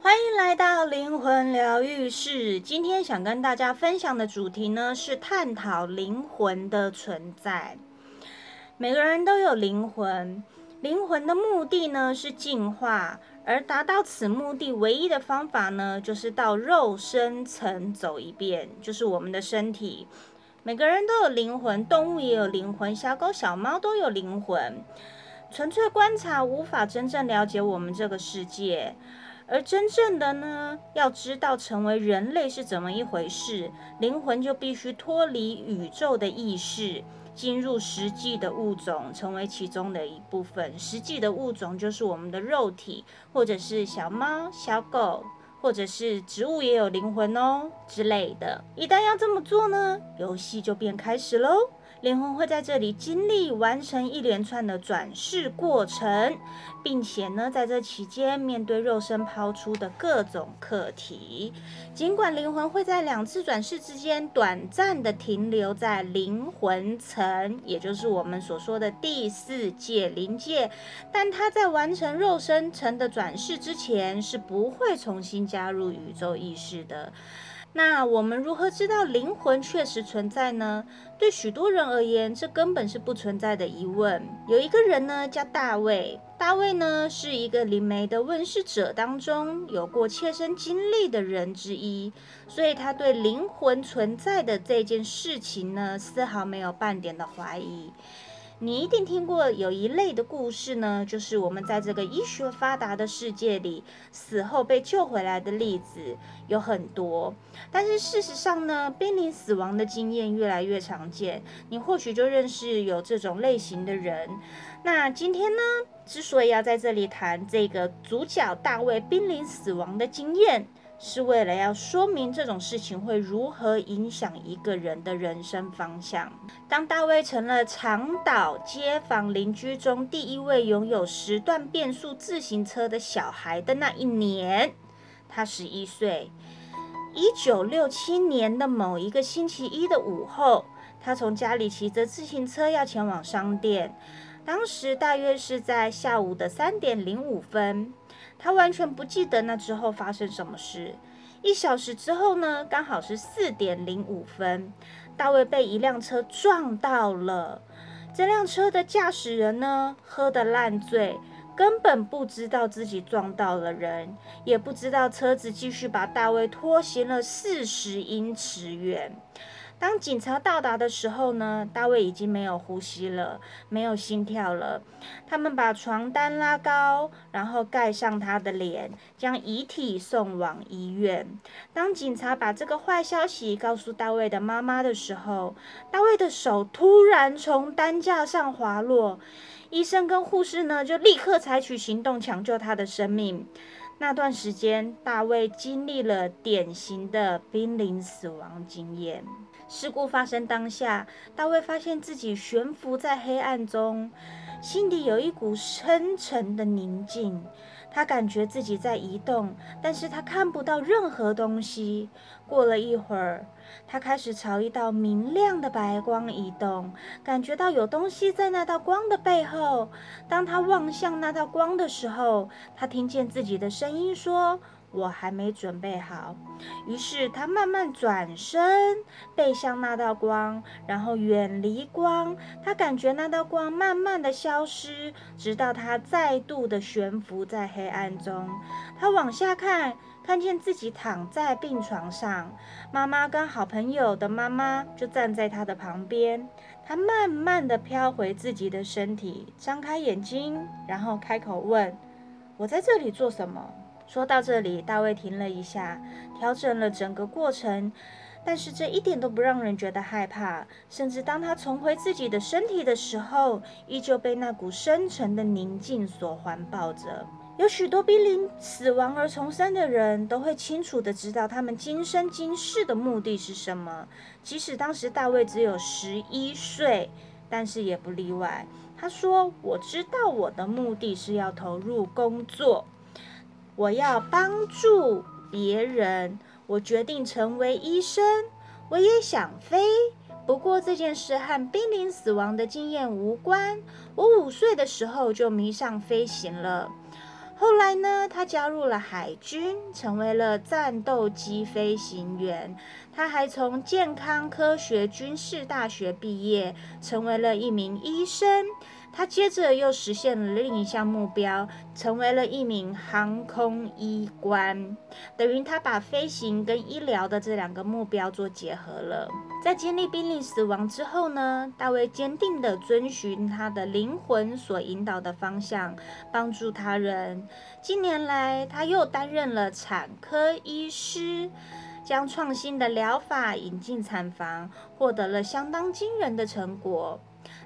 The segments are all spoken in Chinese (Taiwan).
歡迎來到靈魂療癒室。今天想跟大家分享的主題呢，是探討靈魂的存在。每個人都有靈魂，靈魂的目的呢是進化，而達到此目的唯一的方法呢，就是到肉身層走一遍，就是我們的身體。每個人都有靈魂，動物也有靈魂，小狗、小貓都有靈魂。純粹觀察無法真正了解我們這個世界。而真正的呢，要知道成為人類是怎麼一回事，靈魂就必須脫離宇宙的意識，進入實際的物種，成為其中的一部分。實際的物種就是我們的肉體，或者是小貓、小狗，或者是植物也有靈魂哦之類的。一旦要這麼做呢，遊戲就便開始嘍。靈魂會在這裡經歷完成一連串的轉世過程，並且呢，在這期間面對肉身拋出的各種課題。儘管靈魂會在兩次轉世之間短暫的停留在靈魂層，也就是我們所說的第四界靈界，但他在完成肉身層的轉世之前，是不會重新加入宇宙意識的。那我們如何知道靈魂確實存在呢？對許多人而言，這根本是不存在的疑問。有一個人呢，叫大衛。大衛呢，是一個靈媒的問世者當中有過切身經歷的人之一，所以他對靈魂存在的這件事情呢，絲毫沒有半點的懷疑。你一定聽過有一類的故事呢，就是我們在這個醫學發達的世界裡，死後被救回來的例子有很多。但是事實上呢，瀕臨死亡的經驗越來越常見。你或許就認識有這種類型的人。那今天呢，之所以要在這裡談這個主角大衛瀕臨死亡的經驗。是為了要說明這種事情會如何影響一個人的人生方向。當大衛成了長島街坊鄰居中第一位擁有十段變速自行車的小孩的那一年，他十一歲，一九六七年的某一個星期一的午後，他從家裡騎着自行車要前往商店，當時大約是在下午的三點零五分。他完全不記得那之後發生什麼事。一小時之後呢，剛好是四點零五分，大衛被一輛車撞到了。這輛車的駕駛人呢，喝得爛醉，根本不知道自己撞到了人，也不知道車子繼續把大衛拖行了四十英尺遠。當警察到達的時候呢，大衛已經沒有呼吸了，沒有心跳了。他們把床單拉高，然後蓋上他的臉，將遺體送往醫院。當警察把這個壞消息告訴大衛的媽媽的時候，大衛的手突然從擔架上滑落，醫生跟護士呢，就立刻採取行動搶救他的生命。那段時間，大衛經歷了典型的瀕臨死亡經驗。事故發生當下，大衛發現自己懸浮在黑暗中，心底有一股深沉的寧靜。他感覺自己在移動，但是他看不到任何東西。過了一會兒。他開始朝一道明亮的白光移動，感覺到有東西在那道光的背後。當他望向那道光的時候，他聽見自己的聲音說。我還沒準備好。於是他慢慢轉身背向那道光，然後遠離光。他感覺那道光慢慢的消失，直到他再度的懸浮在黑暗中。他往下看，看見自己躺在病床上，媽媽跟好朋友的媽媽就站在他的旁邊。他慢慢的飄回自己的身體，張開眼睛，然後開口問：“我在這裡做什麼？”說到這裡，大衛停了一下，調整了整個過程。但是這一點都不讓人覺得害怕，甚至當他重回自己的身體的時候，依舊被那股深沉的寧靜所環抱着。有許多瀕臨死亡而重生的人都會清楚地知道他們今生今世的目的是什麼。即使當時大衛只有十一歲，但是也不例外。他說：“我知道我的目的是要投入工作。”我要幫助別人，我決定成為醫生。我也想飛，不過這件事和瀕臨死亡的經驗無關。我五歲的時候就迷上飛行了。後來呢，他加入了海軍，成為了戰鬥機飛行員。他還從健康科學軍事大學畢業，成為了一名醫生。他接着又實現了另一項目標，成為了一名航空醫官，等於他把飛行跟醫療的這兩個目標做結合了。在經歷瀕臨死亡之後呢，大衛堅定地遵循他的靈魂所引導的方向，幫助他人。近年來，他又擔任了產科醫師，將創新的療法引進產房，獲得了相當驚人的成果。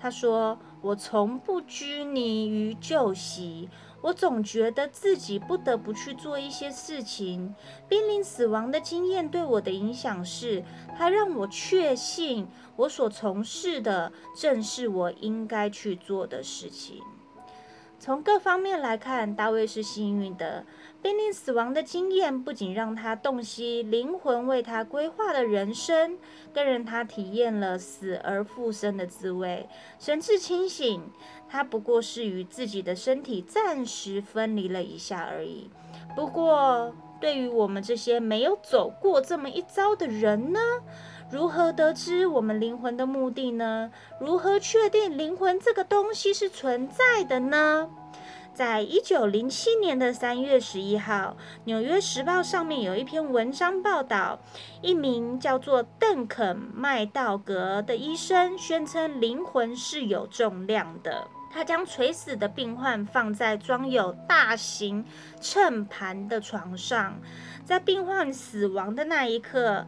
他說：“我從不拘泥於舊習，我總覺得自己不得不去做一些事情。瀕臨死亡的經驗對我的影響是，他讓我確信我所從事的正是我應該去做的事情。從各方面來看，大衛是幸運的。”瀕臨死亡的經驗，不僅讓他洞悉靈魂為他規劃的人生，更讓他體驗了死而復生的滋味。神志清醒，他不過是與自己的身體暫時分離了一下而已。不過，對於我們這些沒有走過這麼一遭的人呢，如何得知我們靈魂的目的呢？如何確定靈魂這個東西是存在的呢？在一九零七年的三月十一號，《紐約時報》上面有一篇文章報道，一名叫做鄧肯·麥道格的醫生宣稱靈魂是有重量的。他將垂死的病患放在裝有大型秤盤的床上，在病患死亡的那一刻。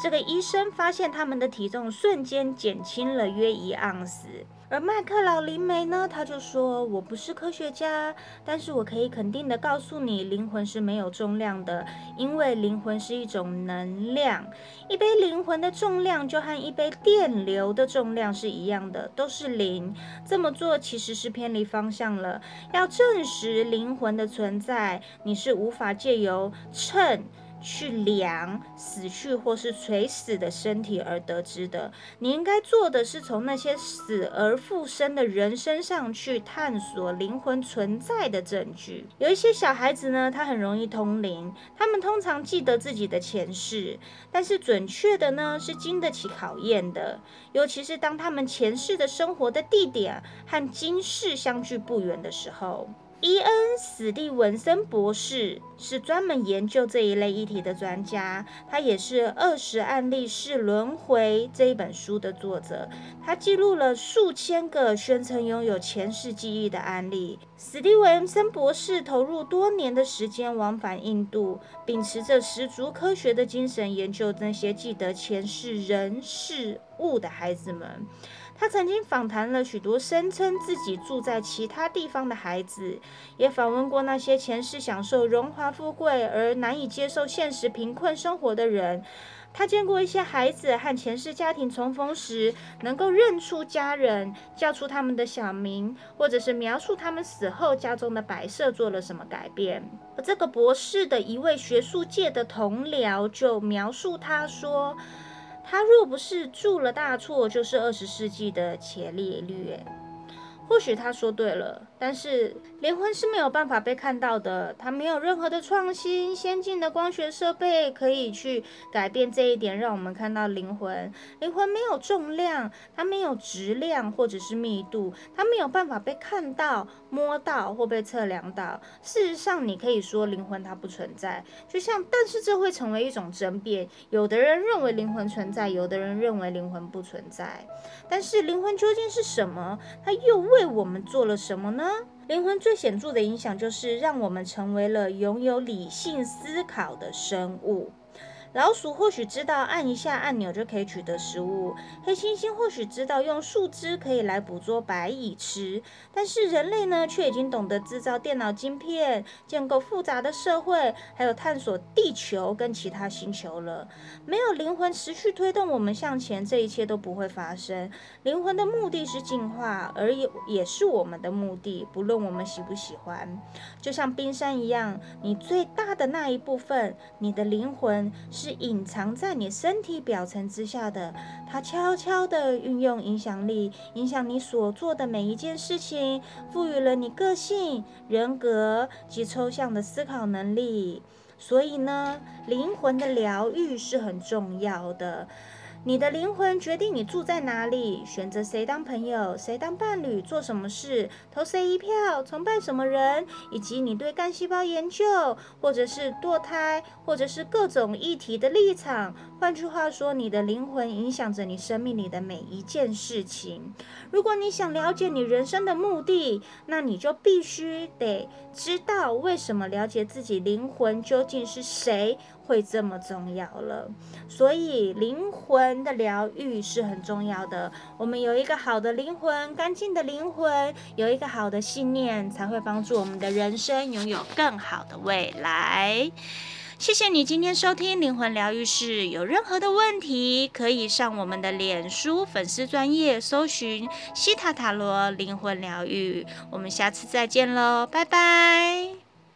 這個醫生發現他們的體重瞬間減輕了約一盎司，而麥克老靈媒呢，他就說：“我不是科學家，但是我可以肯定的告訴你，靈魂是沒有重量的，因為靈魂是一種能量，一杯靈魂的重量就和一杯電流的重量是一樣的，都是零。這麼做其實是偏離方向了。要證實靈魂的存在，你是無法借由稱。”去量死去或是垂死的身體而得知的，你應該做的是從那些死而復生的人身上去探索靈魂存在的證據。有一些小孩子呢，他很容易通靈，他們通常記得自己的前世，但是準確的呢，是經得起考驗的，尤其是當他們前世的生活的地點和今世相距不遠的時候。伊恩·史蒂文森博士是專門研究這一類議題的專家，他也是《二十案例是輪迴》這一本書的作者。他記錄了數千個宣稱擁有前世記憶的案例。史蒂文森博士投入多年的時間往返印度，秉持着十足科學的精神，研究那些記得前世人事物的孩子們。他曾經訪談了許多聲稱自己住在其他地方的孩子，也訪問過那些前世享受榮華富貴而難以接受現實貧困生活的人。他見過一些孩子和前世家庭重逢時能夠認出家人，叫出他們的小名，或者是描述他們死後家中的擺設做了什麼改變。而這個博士的一位學術界的同僚就描述他說，他若不是鑄了大錯，就是二十世紀的伽利略，或許他說對了。但是靈魂是沒有辦法被看到的，它沒有任何的創新先進的光學設備可以去改變這一點，讓我們看到靈魂。靈魂沒有重量，它沒有質量或者是密度，它沒有辦法被看到、摸到或被測量到。事實上，你可以說靈魂它不存在，就像……但是這會成為一種爭辯。有的人認為靈魂存在，有的人認為靈魂不存在。但是靈魂究竟是什麼？它又為我們做了什麼呢？靈魂最顯著的影響，就是讓我們成為了擁有理性思考的生物。老鼠或許知道按一下按鈕就可以取得食物，黑猩猩或許知道用樹枝可以來捕捉白蟻吃，但是人類呢，卻已經懂得製造電腦晶片，建構複雜的社會，還有探索地球跟其他星球了。沒有靈魂持續推動我們向前，這一切都不會發生。靈魂的目的是進化，而也也是我們的目的，不論我們喜不喜歡。就像冰山一樣，你最大的那一部分，你的靈魂。是隱藏在你身體表層之下的，它悄悄地運用影響力，影響你所做的每一件事情，賦予了你個性、人格及抽象的思考能力。所以呢，靈魂的療癒是很重要的。你的靈魂決定你住在哪裡，選擇誰當朋友、誰當伴侶、做什麼事、投誰一票、崇拜什麼人，以及你對幹細胞研究，或者是墮胎，或者是各種議題的立場。換句話說，你的靈魂影響着你生命裡的每一件事情。如果你想了解你人生的目的，那你就必須得知道為什麼了解自己靈魂究竟是誰，會這麼重要了，所以靈魂的療癒是很重要的。我們有一個好的靈魂，乾淨的靈魂，有一個好的信念，才會幫助我們的人生擁有更好的未來。謝謝你今天收聽靈魂療癒室，有任何的問題，可以上我們的臉書粉絲專頁搜尋希塔塔羅靈魂療癒。我們下次再見嘍，拜拜。